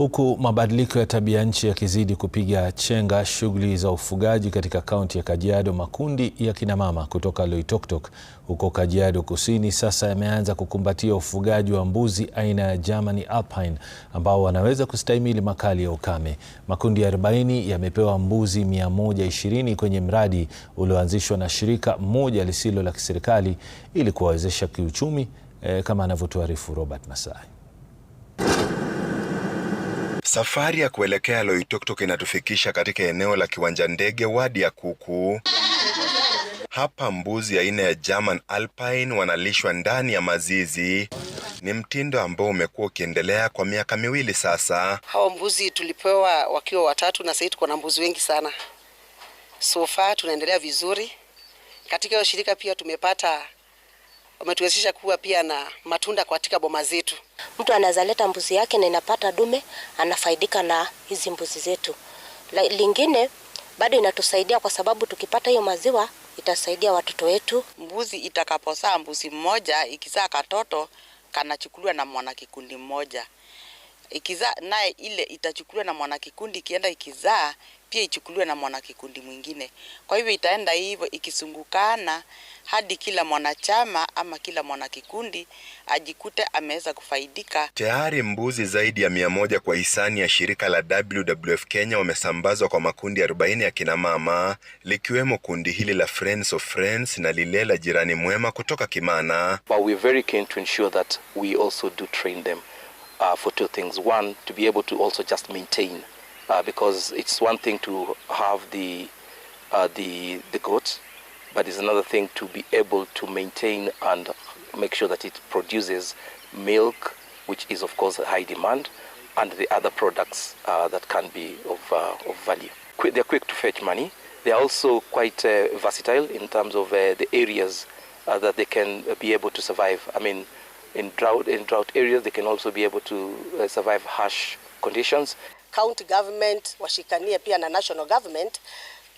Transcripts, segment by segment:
Huku mabadiliko ya tabia nchi yakizidi kupiga chenga shughuli za ufugaji katika kaunti ya Kajiado, makundi ya kinamama kutoka Loitoktok huko Kajiado Kusini sasa yameanza kukumbatia ufugaji wa mbuzi aina ya Germany Alpine ambao wanaweza kustahimili makali ya ukame. Makundi ya 40 yamepewa mbuzi 120 kwenye mradi ulioanzishwa na shirika moja lisilo la kiserikali ili kuwawezesha kiuchumi, eh, kama anavyotuarifu Robert Masai. Safari ya kuelekea Loitoktok inatufikisha katika eneo la kiwanja ndege wadi ya kuku. Hapa mbuzi aina ya, ya German Alpine wanalishwa ndani ya mazizi. Ni mtindo ambao umekuwa ukiendelea kwa miaka miwili sasa. Hao mbuzi tulipewa wakiwa watatu na sasa tuko na mbuzi wengi sana. So far tunaendelea vizuri. Katika hiyo shirika pia tumepata wametuwezesha kuwa pia na matunda katika boma zetu. Mtu anaweza leta mbuzi yake na inapata dume, anafaidika na hizi mbuzi zetu. La, lingine bado inatusaidia kwa sababu tukipata hiyo maziwa itasaidia watoto wetu. Mbuzi itakapozaa mbuzi mmoja ikizaa katoto kanachukuliwa na mwana kikundi mmoja ikizaa naye ile itachukuliwa na mwanakikundi, ikienda ikizaa pia ichukuliwe na mwanakikundi mwingine. Kwa hivyo itaenda hivyo ikisungukana hadi kila mwanachama ama kila mwanakikundi ajikute ameweza kufaidika. Tayari mbuzi zaidi ya mia moja kwa hisani ya shirika la WWF Kenya wamesambazwa kwa makundi 40 ya kinamama likiwemo kundi hili la Friends of Friends na lile la Jirani Mwema kutoka Kimana. But we're very keen to ensure that we also do train them. uh, for two things. One, to be able to also just maintain, uh, because it's one thing to have the uh, the the goats, but it's another thing to be able to maintain and make sure that it produces milk, which is of course high demand, and the other products uh, that can be of uh, of value. Qu- they're quick to fetch money. They're also quite uh, versatile in terms of the areas that they can be able to survive. I mean in drought, in drought areas they can also be able to uh, survive harsh conditions. County government washikanie pia na national government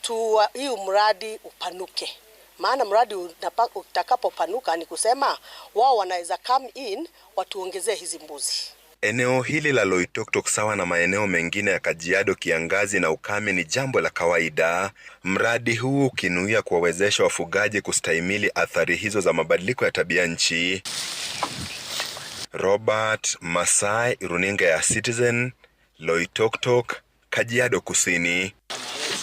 tu uh, hii mradi upanuke, maana mradi utakapopanuka ni kusema wao wanaweza come in watuongezee hizi mbuzi. Eneo hili la Loitoktok sawa na maeneo mengine ya Kajiado, kiangazi na ukame ni jambo la kawaida, mradi huu ukinuia kuwawezesha wafugaji kustahimili athari hizo za mabadiliko ya tabia nchi. Robert Masai, runinga ya Citizen, Loitoktok, Kajiado Kusini.